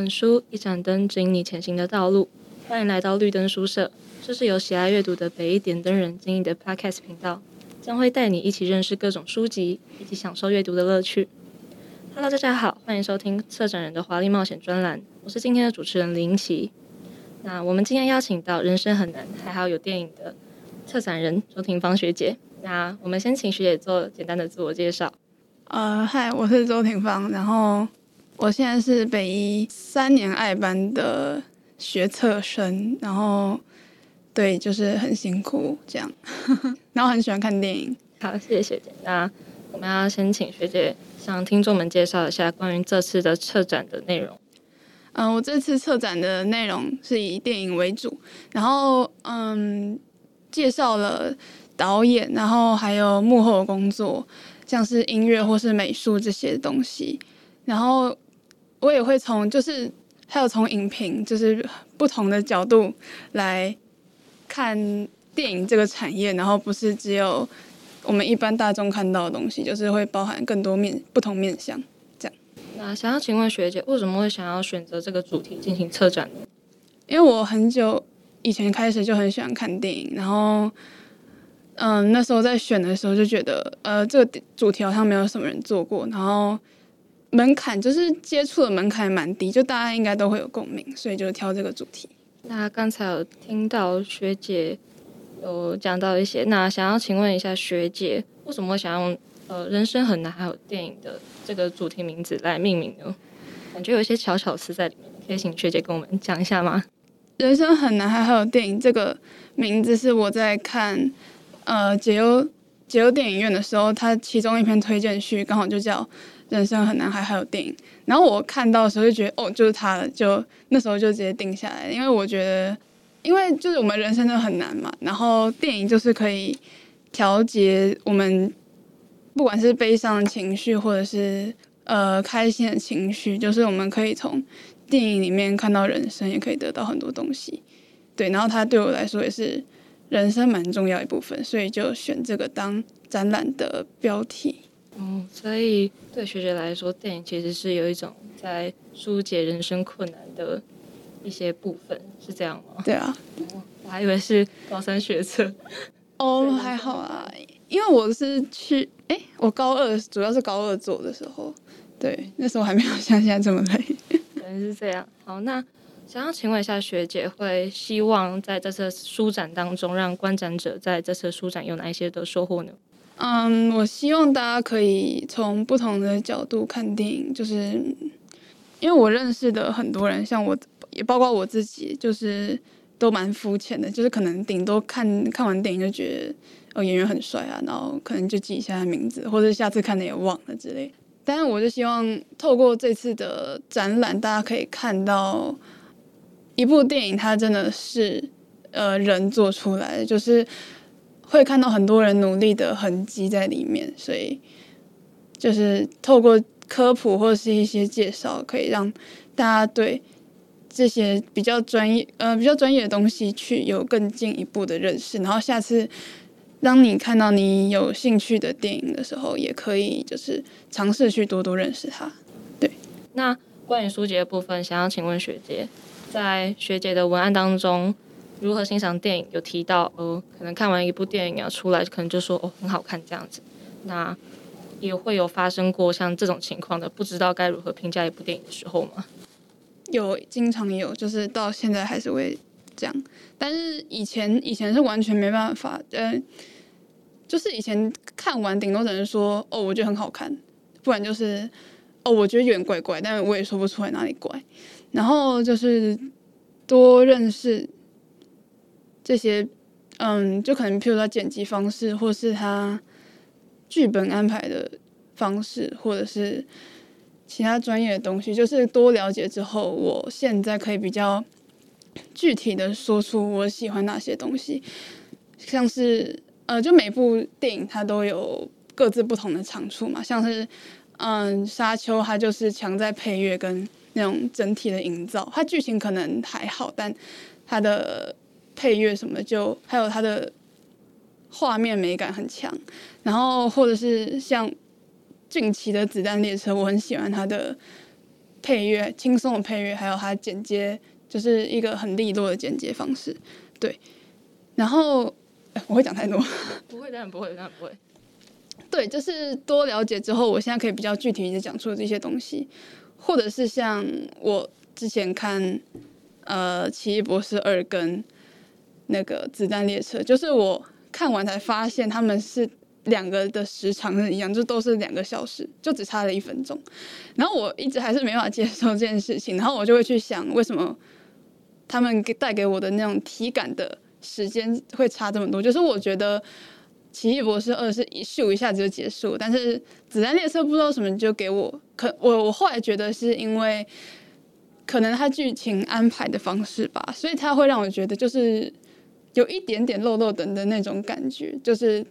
本書一盞燈指引你前行的道路，歡迎來到綠燈書社。這是由喜愛閱讀的北一點燈人經營的 Podcast 頻道，將會帶你一起認識各種書籍，一起享受閱讀的樂趣。Hello，大家好，歡迎收聽策展人的華麗冒險專欄。我是今天的主持人瑛琪。那我們今天邀請到人生很難，還好有電影的策展人周廷芳學姐。那我們先請學姐做簡單的自我介紹。呃，嗨，我是周廷芳。然後。我現在是北一三年愛班的學測生，然後，對，就是很辛苦這樣呵呵，然後很喜歡看電影。好，謝謝學姐。那我們要先請學姐向聽眾們介紹一下關於這次的策展的內容。嗯、呃，我這次策展的內容是以電影為主，然後嗯，介紹了導演，然後還有幕後工作，像是音樂或是美術這些東西，然後。我也會從，就是還有從影評，就是不同的角度來看電影這個產業，然後不是只有我們一般大眾看到的東西，就是會包含更多面、不同面向這樣。那想要請問學姐，為什麼會想要選擇這個主題進行策展？因為我很久以前開始就很喜歡看電影，然後，嗯，那時候在選的時候就覺得，呃，這個主題好像沒有什麼人做過，然後。門檻就是接觸的門檻蠻低，就大家應該都會有共鳴，所以就挑這個主題。那剛才有聽到學姐有講到一些，那想要請問一下學姐，為什麼想用呃“人生很難”還有電影的這個主題名字來命名呢？感覺有一些巧巧思在裡面，可以請學姐跟我們講一下嗎？“人生很難”還還有電影這個名字，是我在看呃解憂解憂電影院的時候，它其中一篇推薦序剛好就叫。人生很難還，還好有電影。然後我看到的時候就覺得，哦，就是他了。就那時候就直接定下來，因為我覺得，因為就是我們人生都很難嘛。然後電影就是可以調節我們，不管是悲傷的情緒，或者是呃開心的情緒，就是我們可以從電影裡面看到人生，也可以得到很多東西。對，然後他對我來說也是人生蠻重要一部分，所以就選這個當展覽的標題。嗯、所以對學姐來說，電影其實是有一種在疏解人生困難的一些部分，是這樣嗎？對啊，我還以為是高三學測。哦、oh, 對吧，還好啊，因為我是去，哎、欸，我高二主要是高二做的時候，對，那時候還沒有像現在這麼累。可能是這樣。好，那想要請問一下學姐，會希望在這次書展當中，讓觀展者在這次書展有哪一些的收穫呢？嗯，um, 我希望大家可以從不同的角度看電影，就是因為我認識的很多人，像我也包括我自己，就是都蠻膚淺的，就是可能頂多看看完電影就覺得哦，呃，演員很帥啊，然後可能就記一下他名字，或者下次看的也忘了之類。但是我就希望透過這次的展覽，大家可以看到一部電影，它真的是呃人做出來的，就是。會看到很多人努力的痕跡在裡面，所以就是透過科普或者是一些介紹，可以讓大家對這些比較專業，呃，比較專業的東西去有更進一步的認識。然後下次當你看到你有興趣的電影的時候，也可以就是嘗試去多多認識它。對，那關於書籍的部分，想要請問學姐，在學姐的文案當中。如何欣賞電影？有提到哦，可能看完一部電影要出來，可能就說哦，很好看這樣子。那也會有發生過像這種情況的，不知道該如何評價一部電影的時候嗎？有，經常有，就是到現在還是會這樣。但是以前以前是完全沒辦法，嗯、呃，就是以前看完頂多只能說哦，我覺得很好看，不然就是哦，我覺得有點怪怪，但我也說不出來哪裡怪。然後就是多認識。這些，嗯，就可能譬如說剪輯方式，或是他劇本安排的方式，或者是其他專業的東西，就是多了解之後，我現在可以比較具體的說出我喜歡哪些東西。像是，呃，就每部電影它都有各自不同的長處嘛。像是，嗯，《沙丘》它就是強在配樂跟那種整體的營造，它劇情可能還好，但它的。配樂什麼的，就還有它的畫面美感很強，然後或者是像近期的《子彈列車》，我很喜歡它的配樂，輕鬆的配樂，還有它剪接，就是一個很利落的剪接方式。對，然後我會講太多，不會，當然不會，當然不會。對，就是多了解之後，我現在可以比較具體的講出這些東西，或者是像我之前看呃《奇異博士二》跟。那個子彈列車，就是我看完才發現他們是兩個的時長是一樣，就都是兩個小時，就只差了一分鐘。然後我一直還是沒法接受這件事情，然後我就會去想，為什麼他們帶給我的那種體感的時間會差這麼多？就是我覺得《奇異博士二》是一咻一下子就結束，但是《子彈列車》不知道什麼就給我，可我我後來覺得是因為可能他劇情安排的方式吧，所以他會讓我覺得就是。有一點點漏漏等的那種感覺，就是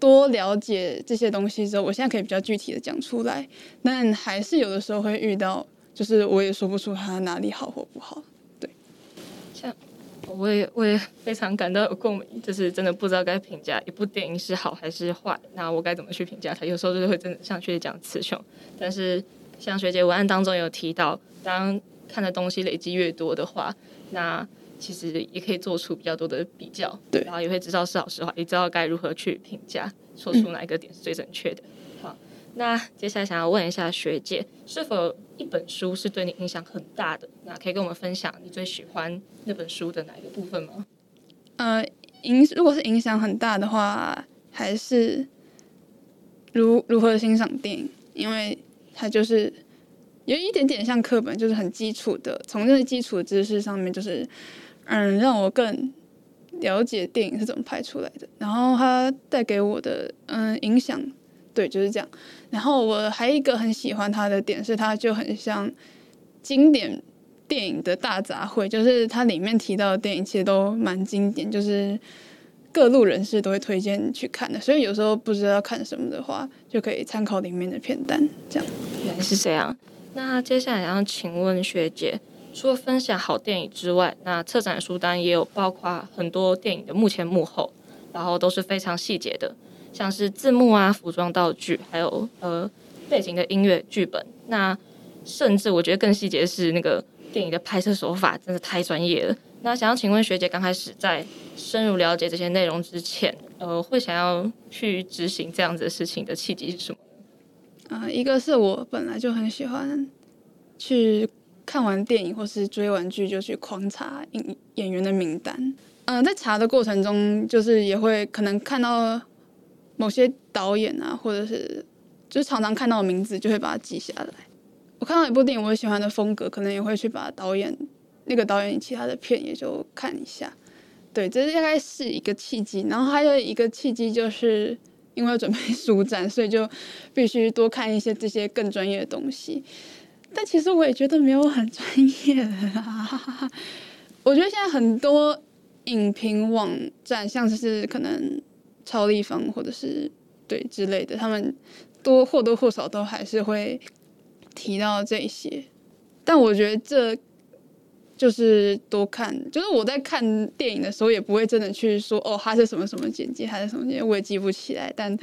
多了解這些東西之後，我現在可以比較具體的講出來。但還是有的時候會遇到，就是我也說不出它哪裡好或不好。對，像我也我也非常感到有共鳴，就是真的不知道該評價一部電影是好還是壞，那我該怎麼去評價它？有時候就是會真的像學姐講詞窮。但是像學姐文案當中有提到，當看的東西累積越多的話，那。其實也可以做出比較多的比較，對，然後也會知道是好是壞，也知道該如何去評價，說出哪一個點是最正確的。好，那接下來想要問一下學姐，是否一本書是對你影響很大的？那可以跟我們分享你最喜歡那本書的哪一個部分嗎？呃，影如果是影響很大的話，還是如如何欣賞電影？因為它就是有一點點像課本，就是很基礎的，從那個基礎知識上面就是。嗯，讓我更了解電影是怎麼拍出來的，然後它帶給我的嗯影響，對，就是這樣。然後我還有一個很喜歡它的點是，它就很像經典電影的大雜燴，就是它裡面提到的電影其實都蠻經典，就是各路人士都會推薦去看的。所以有時候不知道看什麼的話，就可以參考裡面的片單。這樣。原來是這樣。那接下來要請問學姐。除了分享好電影之外，那策展書單也有包括很多電影的幕前幕後，然後都是非常細節的，像是字幕啊、服裝道具，還有呃背景的音樂、劇本。那甚至我覺得更細節的是那個電影的拍攝手法，真的太專業了。那想要請問學姐，剛開始在深入了解這些內容之前，呃，會想要去執行這樣子的事情的契機是什麼？啊、呃，一個是我本來就很喜歡去。看完電影或是追完劇，就去狂查演演員的名單。嗯、呃，在查的過程中，就是也會可能看到某些導演啊，或者是就是常常看到的名字，就會把它記下來。我看到一部電影，我喜歡的風格，可能也會去把導演那個導演其他的片也就看一下。對，這是大概是一個契機。然後還有一個契機，就是因為要準備書展，所以就必須多看一些這些更專業的東西。但其實我也覺得沒有很專業的啦，我覺得現在很多影評網站，像是可能超立方或者是對之類的，他們多或多或少都還是會提到這些。但我覺得這就是多看，就是我在看電影的時候也不會真的去說哦，它是什麼什麼剪輯，還是什麼剪輯，我也記不起來。但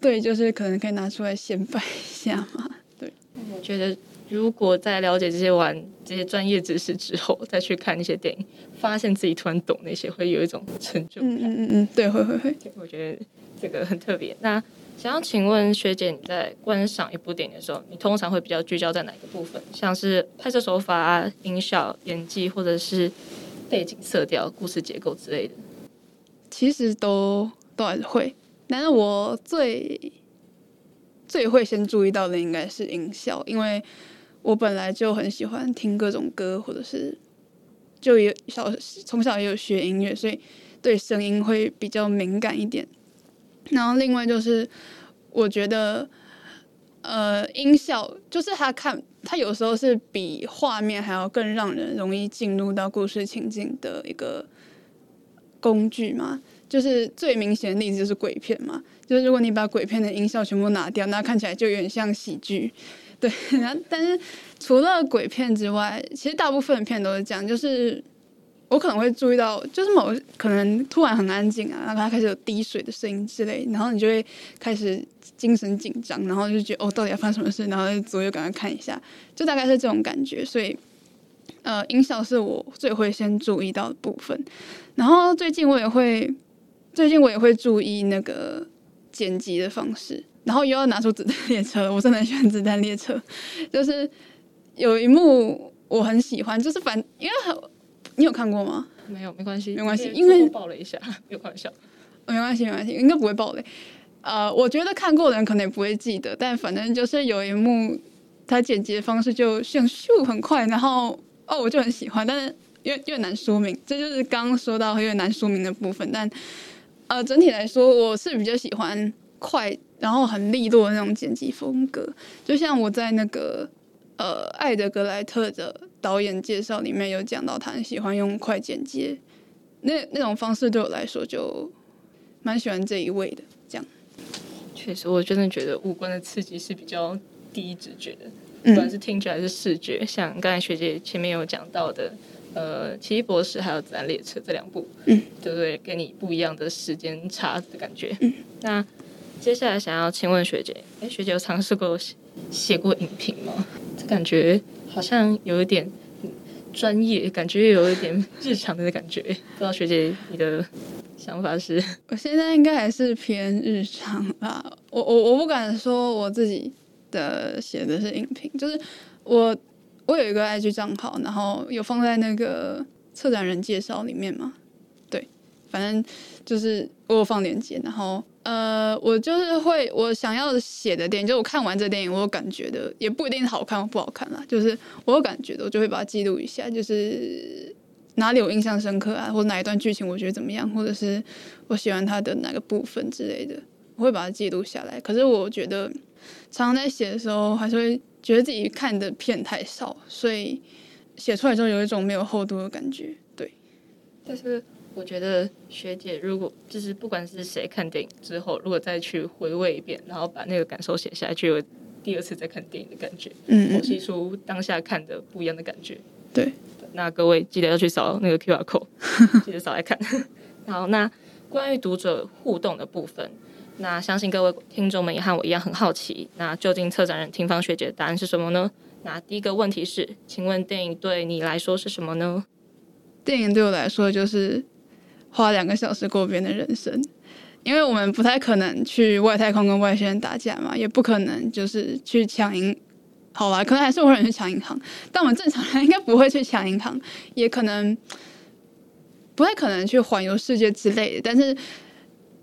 對，就是可能可以拿出來顯擺一下嘛。對，我覺得。如果在了解這些玩這些專業知識之後，再去看那些電影，發現自己突然懂那些，會有一種成就感。嗯嗯嗯對，會會會對，我覺得這個很特別。那想要請問學姐，你在觀賞一部電影的時候，你通常會比較聚焦在哪一個部分？像是拍攝手法、音效、演技，或者是背景色調、故事結構之類的？其實都都還是會，但是我最最會先注意到的應該是音效，因為。我本來就很喜歡聽各種歌，或者是就有小從小也有學音樂，所以對聲音會比較敏感一點。然後另外就是，我覺得呃，音效就是它看它有時候是比畫面還要更讓人容易進入到故事情境的一個工具嘛。就是最明顯的例子就是鬼片嘛，就是如果你把鬼片的音效全部拿掉，那看起來就有點像喜劇。對，然後但是除了鬼片之外，其實大部分的片都是這樣。就是我可能會注意到，就是某可能突然很安靜啊，然後它開始有滴水的聲音之類，然後你就會開始精神緊張，然後就覺得哦，到底要發生什麼事？然後就左右趕快看一下，就大概是這種感覺。所以，呃，音效是我最會先注意到的部分。然後最近我也會，最近我也會注意那個剪輯的方式。然後又要拿出子彈列車，我真的很喜歡子彈列車。就是有一幕我很喜歡，就是反因為很你有看過嗎？沒有，沒關係，沒關係。因為爆了一下，有開玩笑、哦，沒關係，沒關係，應該不會爆的。呃，我覺得看過的人可能也不會記得，但反正就是有一幕，它剪輯的方式就像咻很快，然後哦，我就很喜歡。但是越越難說明，這就是剛剛說到越難說明的部分。但呃，整體來說，我是比較喜歡快。然後很利落的那種剪輯風格，就像我在那個呃艾德格．萊特的導演介紹裡面有講到，他很喜歡用快剪接，那那種方式對我來說就蠻喜歡這一位的。這樣，確實，我真的覺得五官的刺激是比較第一直覺的，不管是聽覺還是視覺，嗯、像剛才學姐前面有講到的，呃，《奇異博士》還有《子彈列車》這兩部，嗯，對不對？給你不一樣的時間差的感覺，嗯、那。接下來想要請問學姐，哎、欸，學姐有嘗試過寫寫過影評嗎？這感覺好像有一點專業，感覺有一點日常的感覺。不知道學姐你的想法是？我現在應該還是偏日常吧。我我我不敢說我自己的寫的是影評，就是我我有一個 IG 賬號然後有放在那個策展人介紹裡面嘛。對，反正就是我有放鏈接，然後。呃，我就是會我想要寫的電影，就我看完這電影，我有感覺的，也不一定好看或不好看啦，就是我有感覺的，我就會把它記錄一下，就是哪裡有印象深刻啊，或哪一段劇情我覺得怎麼樣，或者是我喜歡它的哪個部分之類的，我會把它記錄下來。可是我覺得，常常在寫的時候，還是會覺得自己看的片太少，所以寫出來之後有一種沒有厚度的感覺。對，但、就是。我覺得學姐如果就是不管是誰看電影之後，如果再去回味一遍，然後把那個感受寫下來，就有第二次再看電影的感覺。嗯嗯、剖析出當下看的不一樣的感覺。對，對。那各位記得要去掃那個 QR Code，記得掃來看。 好，那關於讀者互動的部分，那相信各位聽眾們也和我一樣很好奇。那究竟策展人廷芳學姐的答案是什麼呢？那第一個問題是，請問電影對你來說是什麼呢？電影對我來說就是。花兩個小時過別人的人生，因為我們不太可能去外太空跟外星人打架嘛，也不可能就是去搶銀，好吧，可能還是會有人去搶銀行，但我們正常人應該不會去搶銀行，也可能，不太可能去環遊世界之類的。但是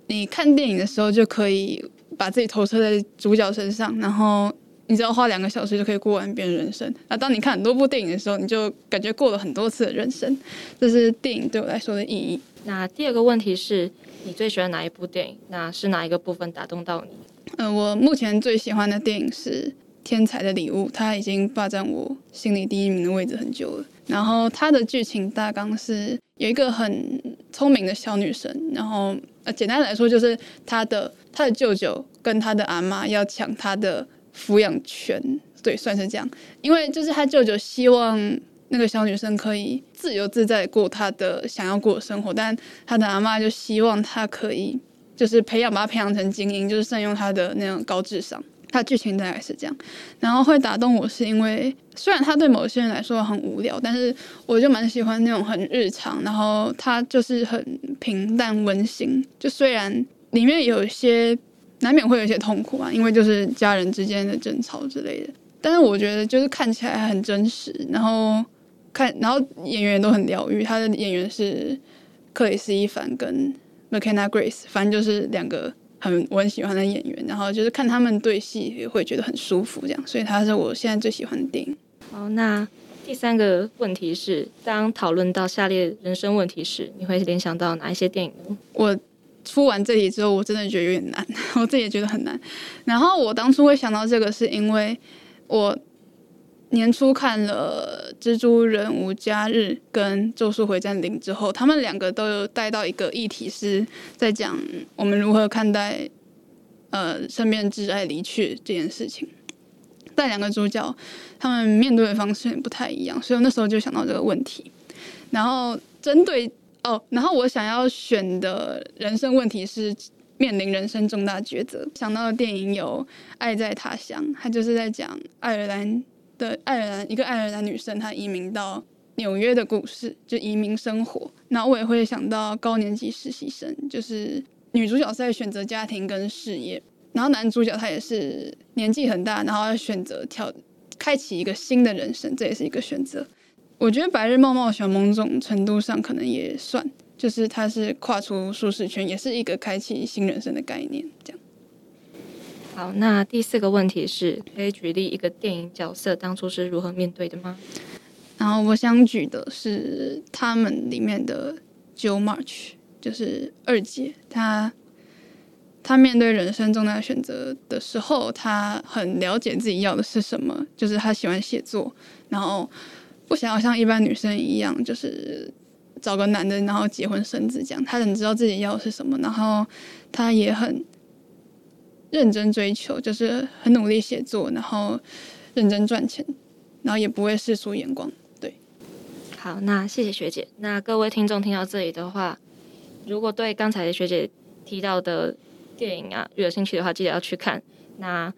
你看電影的時候，就可以把自己投射在主角身上，然後你只要花兩個小時就可以過完別人人生。那當你看很多部電影的時候，你就感覺過了很多次的人生。這是電影對我來說的意義。那第二個問題是，你最喜歡哪一部電影？那是哪一個部分打動到你？呃，我目前最喜歡的電影是《天才的禮物》，他已經霸占我心裡第一名的位置很久了。然後它的劇情大綱是有一個很聰明的小女生，然後呃，簡單來說就是她的她的舅舅跟她的阿嬤要搶她的撫養權，對，算是這樣。因為就是他舅舅希望。那個小女生可以自由自在過她的想要過的生活，但她的阿嬤就希望她可以就是培養把她培養成精英，就是善用她的那種高智商。她劇情大概是這樣，然後會打動我是因為雖然她對某些人來說很無聊，但是我就蠻喜歡那種很日常，然後她就是很平淡溫馨。就雖然裡面有一些難免會有一些痛苦吧、啊，因為就是家人之間的爭吵之類的，但是我覺得就是看起來很真實，然後。看，然後演員都很療癒，他的演員是克里斯·伊凡跟 Mckenna Grace，反正就是兩個很我很喜歡的演員。然後就是看他們對戲也會覺得很舒服，這樣，所以他是我現在最喜歡的電影。好，那第三個問題是，當討論到下列人生問題時，你會聯想到哪一些電影呢？我出完這題之後，我真的覺得有點難，我自己也覺得很難。然後我當初會想到這個，是因為我。年初看了《蜘蛛人：無家日》跟《咒術回戰：零》之後，他們兩個都有帶到一個議題，是在講我們如何看待呃身邊摯愛離去這件事情。但兩個主角他們面對的方式也不太一樣，所以我那時候就想到這個問題。然後針對哦，然後我想要選的人生問題是面臨人生重大抉擇，想到的電影有《愛在他鄉》，他就是在講愛爾蘭。對，愛爾蘭一個愛爾蘭女生，她移民到紐約的故事，就移民生活。然後我也會想到高年級實習生，就是女主角在選擇家庭跟事業，然後男主角他也是年紀很大，然後要選擇跳，開啟一個新的人生，這也是一個選擇。我覺得《白日夢冒險》某種程度上可能也算，就是他是跨出舒適圈，也是一個開啟新人生的概念，這樣。好，那第四個問題是可以舉例一個電影角色當初是如何面對的嗎？然後我想舉的是她們裡面的 Jo March，就是二姐，她她面對人生重大選擇的時候，她很了解自己要的是什麼，就是她喜歡寫作，然後不想要像一般女生一樣，就是找個男的然後結婚生子這樣。她很知道自己要的是什麼，然後她也很。認真追求，就是很努力寫作，然後認真賺錢，然後也不會世俗眼光，對。好，那謝謝學姐。那各位聽眾聽到這裡的話，如果對剛才學姐提到的電影啊有興趣的話，記得要去看。那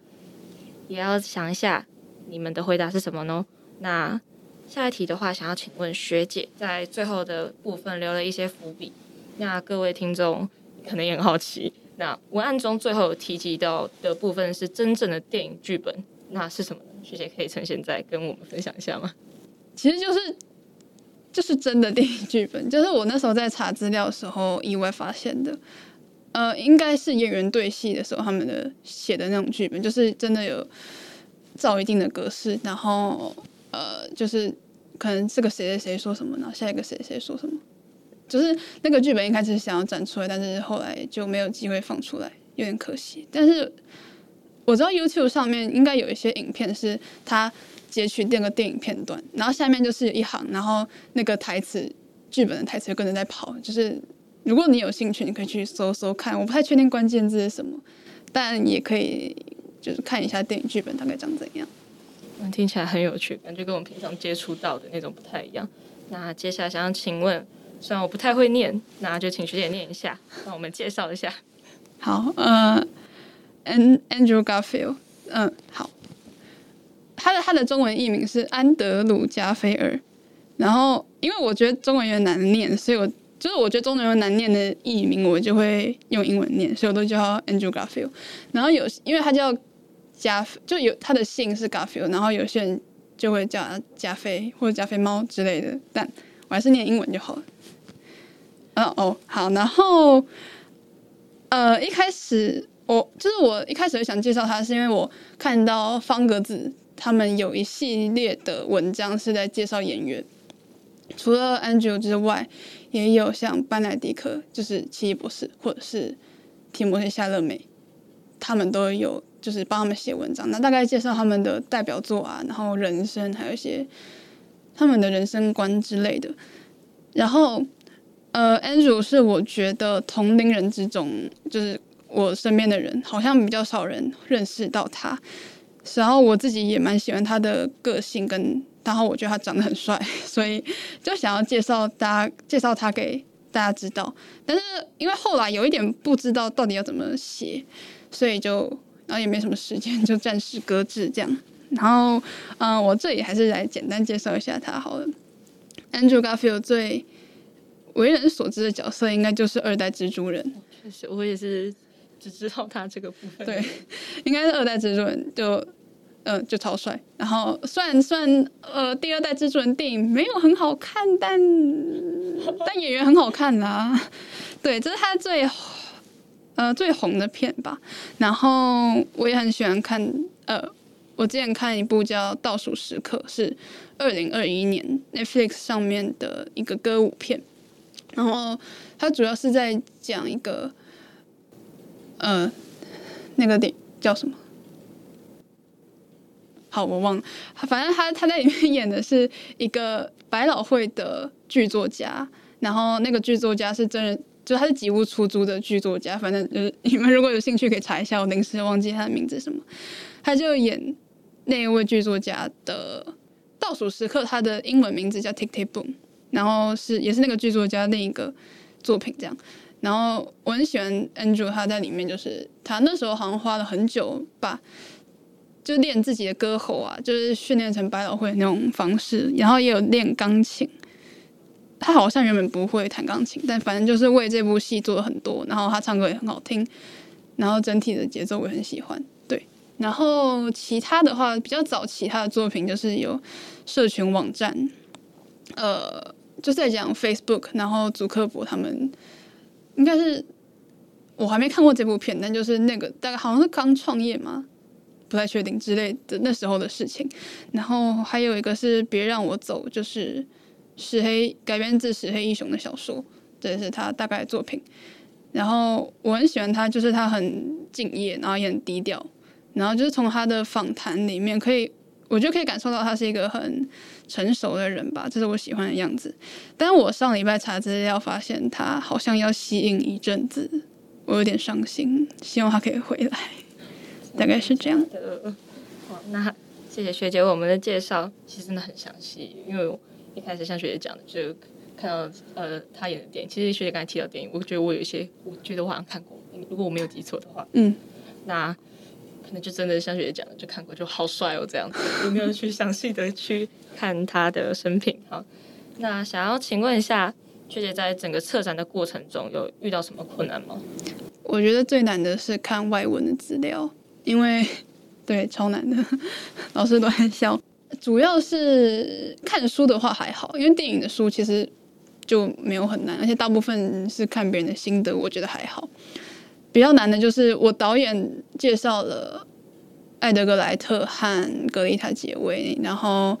也要想一下你們的回答是什麼呢？那下一題的話，想要請問學姐，在最後的部分留了一些伏筆，那各位聽眾可能也很好奇。那文案中最後提及到的部分是真正的電影劇本，那是什麼呢？學姐可以趁現在跟我們分享一下嗎？其實就是就是真的電影劇本，就是我那時候在查資料的時候意外發現的。呃，應該是演員對戲的時候，他們的寫的那種劇本，就是真的有照一定的格式，然後呃，就是可能這個誰誰誰說什麼，然後下一個誰誰說什麼。就是那個劇本一開始想要展出來，但是後來就沒有機會放出來，有點可惜。但是我知道 YouTube 上面應該有一些影片是它截取那個電影片段，然後下面就是一行，然後那個台詞劇本的台詞就跟着在跑。就是如果你有興趣，你可以去搜搜看，我不太確定關鍵字是什麼，但也可以就是看一下電影劇本大概長怎樣。嗯，聽起來很有趣，感覺跟我們平常接觸到的那種不太一樣。那接下來想要請問。雖然我不太會念，那就請學姐念一下，讓我們介紹一下。好，呃，Andrew Garfield，嗯、呃，好。他的他的中文譯名是安德魯·加菲爾。然後，因為我覺得中文有點難念，所以我就是我覺得中文有難念的譯名，我就會用英文念，所以我都叫他 Andrew Garfield。然後有，因為他叫加，就有他的姓是 Garfield，然後有些人就會叫他加菲或者加菲貓之類的，但。我還是念英文就好了。嗯、哦，哦，好，然後，呃，一開始我就是我一開始就想介紹他，是因為我看到方格子他們有一系列的文章是在介紹演員，除了 Andrew 之外，也有像班奈狄克，就是奇異博士，或者是提摩西夏勒梅，他們都有就是幫他們寫文章，那大概介紹他們的代表作啊，然後人生，還有一些。他們的人生觀之類的，然後，呃，Andrew 是我覺得同齡人之中，就是我身邊的人，好像比較少人認識到他。然後我自己也蠻喜歡他的個性，跟然後我覺得他長得很帥，所以就想要介紹大家，介紹他給大家知道。但是因為後來有一點不知道到底要怎麼寫，所以就然後也沒什麼時間，就暫時擱置這樣。然後，嗯、呃，我這裡還是來簡單介紹一下他好了。Andrew Garfield 最為人所知的角色，應該就是二代蜘蛛人。確實，我也是只知道他這個部分。對，應該是二代蜘蛛人，就嗯、呃，就超帥。然後，雖然算，算呃第二代蜘蛛人電影沒有很好看，但但演員很好看啦。對，這是他最呃最紅的片吧。然後，我也很喜歡看呃。我之前看一部叫《倒數時刻》，是二零二一年 Netflix 上面的一個歌舞片。然後它主要是在講一個，呃，那個叫什麼？好，我忘了。反正他他在裡面演的是一個百老匯的劇作家。然後那個劇作家是真人，就是他是吉屋出租的劇作家。反正就是你們如果有興趣，可以查一下。我臨時忘記他的名字什麼，他就演。那一位劇作家的倒數時刻，他的英文名字叫 Tick Tick Boom，然後是也是那個劇作家另一個作品這樣。然後我很喜歡 Andrew，他在裡面就是他那時候好像花了很久把就練自己的歌喉啊，就是訓練成百老匯那種方式，然後也有練鋼琴。他好像原本不會彈鋼琴，但反正就是為這部戲做了很多。然後他唱歌也很好聽，然後整體的節奏我也很喜歡。然後其他的話，比較早期他的作品就是有社群網戰，呃，就是在講 Facebook，然後祖克伯他們應該是我還沒看過這部片，但就是那個大概好像是剛創業嘛，不太確定之類的那時候的事情。然後還有一個是《別讓我走》，就是石黑改編自石黑一雄的小說，這也是他大概的作品。然後我很喜歡他，就是他很敬業，然後也很低調。然後就是從他的訪談裡面，可以我就可以感受到他是一個很成熟的人吧，這、就是我喜歡的樣子。但是我上禮拜查資料發現，他好像要息影一陣子，我有點傷心，希望他可以回來，大概是這樣的。好、嗯，那謝謝學姐為我們的介紹，其實真的很詳細。因為我一開始像學姐講的，就看到呃他演的電影。其實學姐剛才提到電影，我覺得我有一些，我覺得我好像看過，如果我沒有記錯的話。嗯。那那就真的像學姐講的，就看過就好帥哦，這樣子，有沒有去詳細的去看他的生平。啊？那想要請問一下，學姐在整個策展的過程中有遇到什麼困難嗎？我覺得最難的是看外文的資料，因為對超難的，老師都在笑。主要是看書的話還好，因為電影的書其實就沒有很難，而且大部分是看別人的心得，我覺得還好。比較難的就是我導演介紹了艾德格·萊特和格麗塔潔薇，然後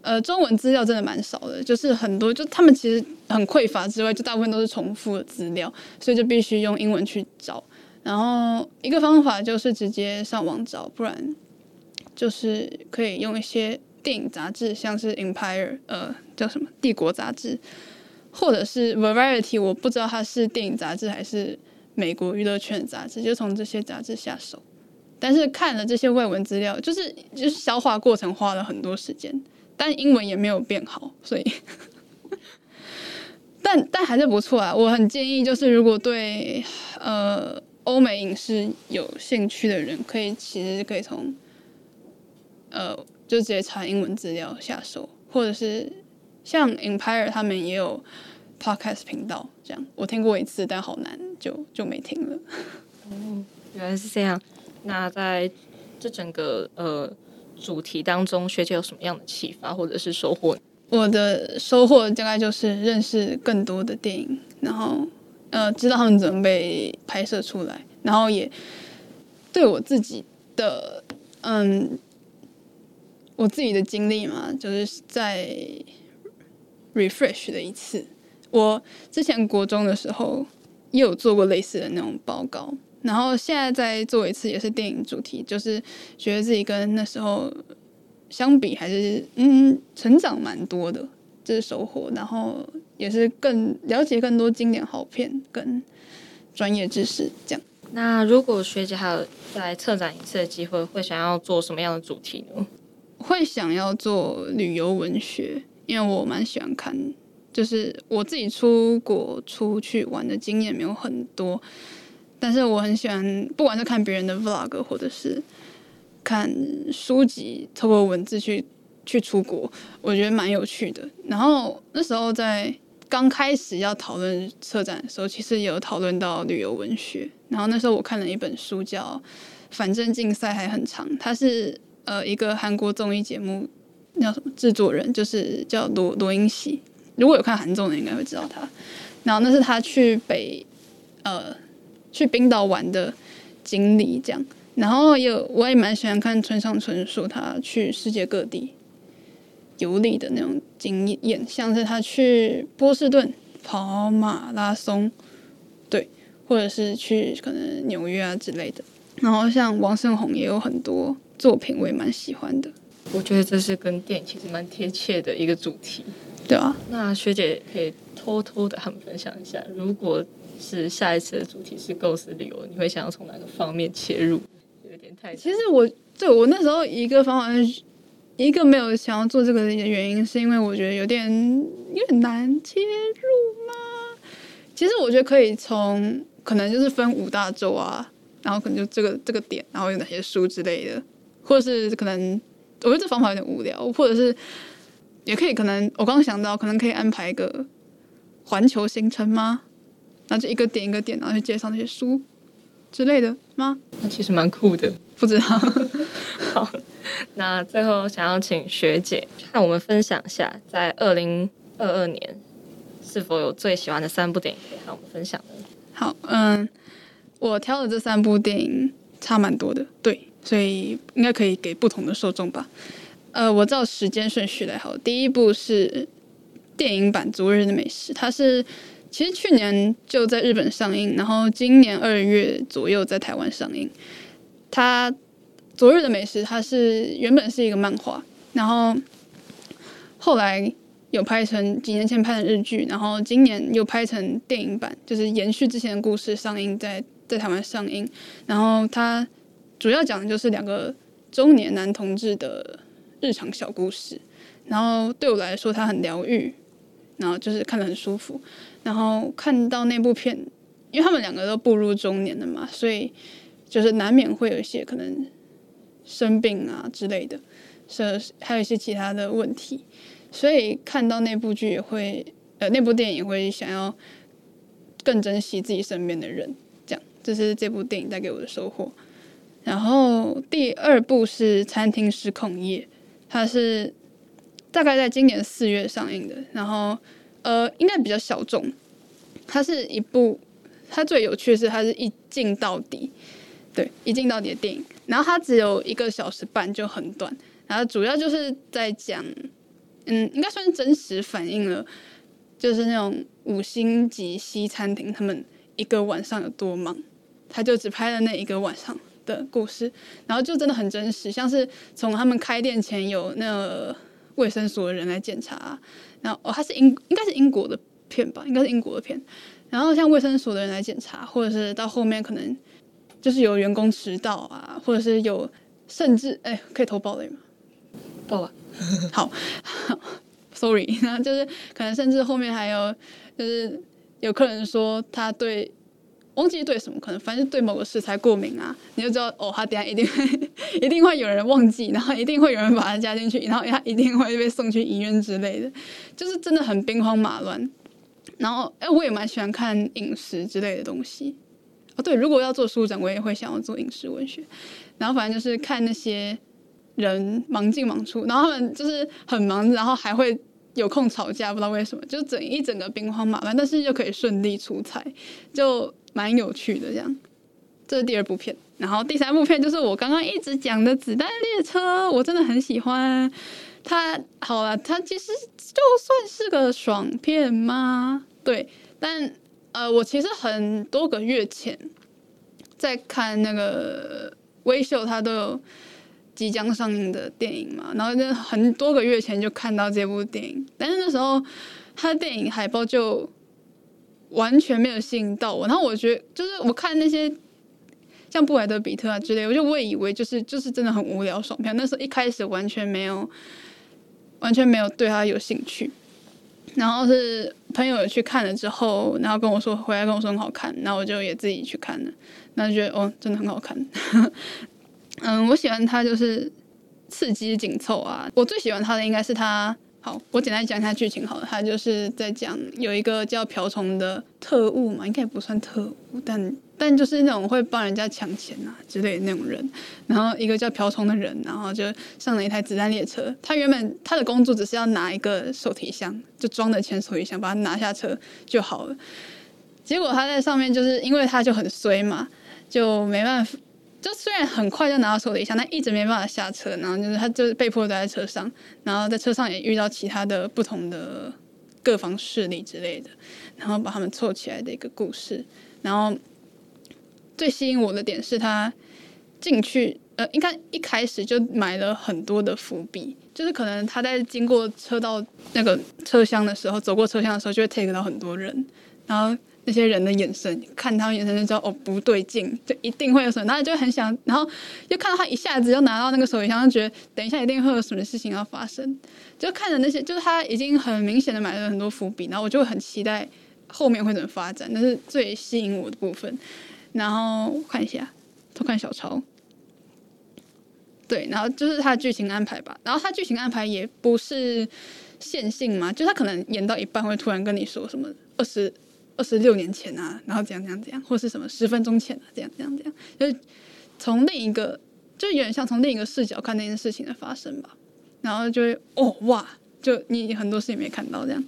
呃，中文資料真的蠻少的，就是很多就他們其實很匱乏之外，就大部分都是重複的資料，所以就必須用英文去找。然後一個方法就是直接上網找，不然就是可以用一些電影雜誌，像是 Empire，呃叫什麼《帝國雜誌》，或者是《Variety》，我不知道它是電影雜誌還是。美國娛樂圈的雜誌，就從這些雜誌下手，但是看了這些外文資料，就是就是消化過程花了很多時間，但英文也沒有變好，所以， 但但還是不錯啊！我很建議，就是如果對呃歐美影視有興趣的人，可以其實可以從呃就直接查英文資料下手，或者是像 Empire 他們也有。Podcast 頻道，這樣，我聽過一次，但好難，就就沒聽了。哦、嗯，原來是這樣。那在這整個呃主題當中，學姐有什麼樣的啟發或者是收穫？我的收穫大概就是認識更多的電影，然後呃，知道他們怎麼被拍攝出來，然後也對我自己的嗯，我自己的經歷嘛，就是再 refresh 了一次。我之前國中的時候也有做過類似的那種報告，然後現在再做一次也是電影主題，就是覺得自己跟那時候相比還是嗯成長蠻多的，這、就是收穫，然後也是更了解更多經典好片跟專業知識這樣。那如果學姐還有再來策展一次的機會，會想要做什麼樣的主題呢？會想要做旅遊文學，因為我蠻喜歡看。就是我自己出國出去玩的經驗沒有很多，但是我很喜歡，不管是看別人的 Vlog，或者是看書籍，透過文字去去出國，我覺得蠻有趣的。然後那時候在剛開始要討論策展的時候，其實也有討論到旅遊文學。然後那時候我看了一本書叫《反正競賽還很長》，他是呃一個韓國綜藝節目叫什麼製作人，就是叫羅羅英熙。如果有看韓綜的，應該會知道他。然後那是他去北，呃，去冰島玩的經歷，這樣。然後也有我也蠻喜歡看村上春樹他去世界各地遊歷的那種經驗，像是他去波士頓跑馬拉松，對，或者是去可能紐約啊之類的。然後像王勝宏也有很多作品，我也蠻喜歡的。我覺得這是跟電影其實蠻貼切的一個主題。對啊，那學姐可以偷偷的和我們分享一下，如果是下一次的主題是構思旅遊，你會想要從哪個方面切入？有點太……其實我對我那時候一個方法，一個沒有想要做這個的原因，是因為我覺得有點有點難切入嘛。其實我覺得可以從，可能就是分五大洲啊，然後可能就這個這個點，然後有哪些書之類的，或者是可能我覺得這方法有點無聊，或者是。也可以，可能我剛想到，可能可以安排一個環球行程嗎？那就一個點一個點，然後去介紹那些書之類的嗎？那其實蠻酷的，不知道。 好，那最後想要請學姐和我們分享一下，在二零二二年是否有最喜歡的三部電影可以和我們分享呢？好，嗯，我挑的這三部電影差蠻多的，對，所以應該可以給不同的受眾吧。呃，我照時間順序來好。第一部是電影版《昨日的美食》，它是其實去年就在日本上映，然後今年二月左右在台灣上映。它《昨日的美食》，它是原本是一個漫畫，然後後來有拍成幾年前拍的日劇，然後今年又拍成電影版，就是延續之前的故事，上映在在台灣上映。然後它主要講的就是兩個中年男同志的。日常小故事，然後對我來說，它很療癒，然後就是看得很舒服。然後看到那部片，因為他們兩個都步入中年了嘛，所以就是難免會有一些可能生病啊之類的，是還有一些其他的問題。所以看到那部劇也會，呃，那部電影也會想要更珍惜自己身邊的人，這樣，這、就是這部電影帶給我的收穫。然後第二部是《餐廳失控夜》。它是大概在今年四月上映的，然後呃應該比較小眾。它是一部，它最有趣的是它是一鏡到底，對，一鏡到底的電影。然後它只有一個小時半，就很短。然後主要就是在講，嗯，應該算是真實反映了，就是那種五星級西餐廳他們一個晚上有多忙。他就只拍了那一個晚上。的故事，然後就真的很真實，像是從他們開店前有那個衛生所的人來檢查，啊，然後哦，他是英，應該是英國的片吧，應該是英國的片，然後像衛生所的人來檢查，或者是到後面可能就是有員工遲到啊，或者是有甚至哎，可以投爆雷嗎？爆了，oh. 好，sorry，然後就是可能甚至後面還有就是有客人說他對。忘記對什麼可能，反正對某個食材過敏啊，你就知道哦，他等一下一定會，一定會有人忘記，然後一定會有人把它加進去，然後他一定會被送去醫院之類的，就是真的很兵荒馬亂。然後，誒、欸、我也蠻喜歡看飲食之類的東西。哦，對，如果要做書展，我也會想要做飲食文學。然後，反正就是看那些人忙進忙出，然後他們就是很忙，然後還會有空吵架，不知道為什麼，就整一整個兵荒馬亂，但是又可以順利出餐，就。蠻有趣的，這樣，這是第二部片，然後第三部片就是我剛剛一直講的《子彈列車》，我真的很喜歡它。好了，它其實就算是個爽片嘛，對，但呃，我其實很多個月前在看那個威秀，它都有即將上映的電影嘛，然後就很多個月前就看到這部電影，但是那時候它的電影海報就。完全沒有吸引到我，然後我覺得就是我看那些像布萊德彼特啊之類的，我就我以為就是就是真的很無聊爽片。那時候一開始完全沒有完全沒有對他有興趣，然後是朋友有去看了之後，然後跟我說回來跟我說很好看，然後我就也自己去看了，那就覺得哦真的很好看。 嗯，我喜歡他就是刺激緊湊啊，我最喜歡他的應該是他。好，我簡單講一下劇情好了。他就是在講有一個叫瓢蟲的特務嘛，應該也不算特務，但但就是那種會幫人家搶錢啊之類的那種人。然後一個叫瓢蟲的人，然後就上了一台子彈列車。他原本他的工作只是要拿一個手提箱，就裝的錢手提箱，把它拿下車就好了。結果他在上面就是因為他就很衰嘛，就沒辦法。就雖然很快就拿到手的一箱，但一直沒辦法下車，然後就是他就是被迫待在車上，然後在車上也遇到其他的不同的各方勢力之類的，然後把他們湊起來的一個故事。然後最吸引我的點是他進去，呃，應該一開始就買了很多的伏筆，就是可能他在經過車道那個車廂的時候，走過車廂的時候就會 take 到很多人，然後。那些人的眼神，看他們眼神就知道哦，不對勁，就一定會有什麼，然後就很想，然後又看到他一下子就拿到那個手提箱，覺得等一下一定會有什麼事情要發生，就看着那些，就是他已經很明顯的埋了很多伏筆，然後我就很期待後面會怎麼發展，那是最吸引我的部分。然後我看一下，偷看小抄，對，然後就是他劇情安排吧，然後他劇情安排也不是線性嘛，就他可能演到一半會突然跟你說什麼二十。20, 二十六年前啊，然後怎樣怎樣怎樣，或是什麼十分鐘前啊，這樣這樣這樣，就從另一個，就有點像從另一個視角看那件事情的發生吧。然後就哦哇，就你很多事情沒看到這樣。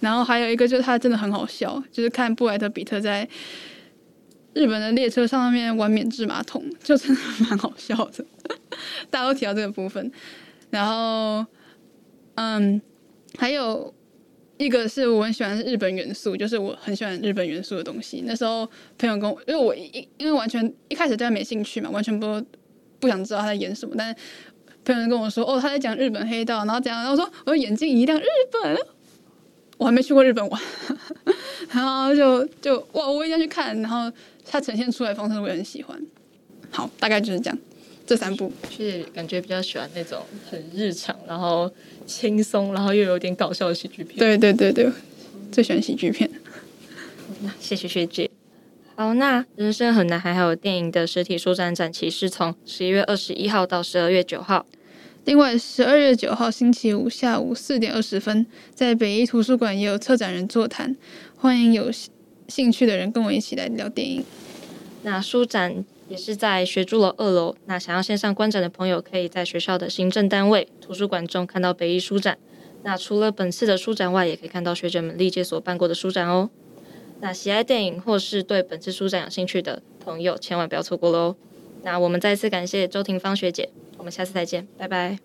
然後還有一個就是他真的很好笑，就是看布萊德彼特在日本的列車上面玩免治馬桶，就真的蠻好笑的。大家都提到這個部分。然後嗯，還有。一個是我很喜歡日本元素，就是我很喜歡日本元素的東西。那時候朋友跟我，因為我因因為完全一開始對他沒興趣嘛，完全不不想知道他在演什麼。但是朋友跟我說，哦，他在講日本黑道，然後怎樣，然後說，我眼睛一亮，日本，我還沒去過日本玩。 然後就就哇，我一定要去看。然後他呈現出來方式我也很喜歡。好，大概就是這樣。這三部，學姐感覺比較喜歡那種很日常，然後輕鬆，然後又有點搞笑的喜劇片。對對對對，最喜歡喜劇片。那、嗯、謝謝學姐。好，那《人生很難》還好有電影的實體書展展期是從十一月二十一號到十二月九號。另外，十二月九號星期五下午四點二十分，在北一圖書館也有策展人座談，歡迎有興趣的人跟我一起來聊電影。那書展，也是在學珠樓二樓。那想要線上觀展的朋友，可以在學校的行政單位、圖書館中看到北一書展。那除了本次的書展外，也可以看到學姐們歷屆所辦過的書展哦、喔。那喜愛電影或是對本次書展有興趣的朋友，千萬不要錯過嘍。那我們再次感謝周廷芳學姐，我們下次再見，拜拜。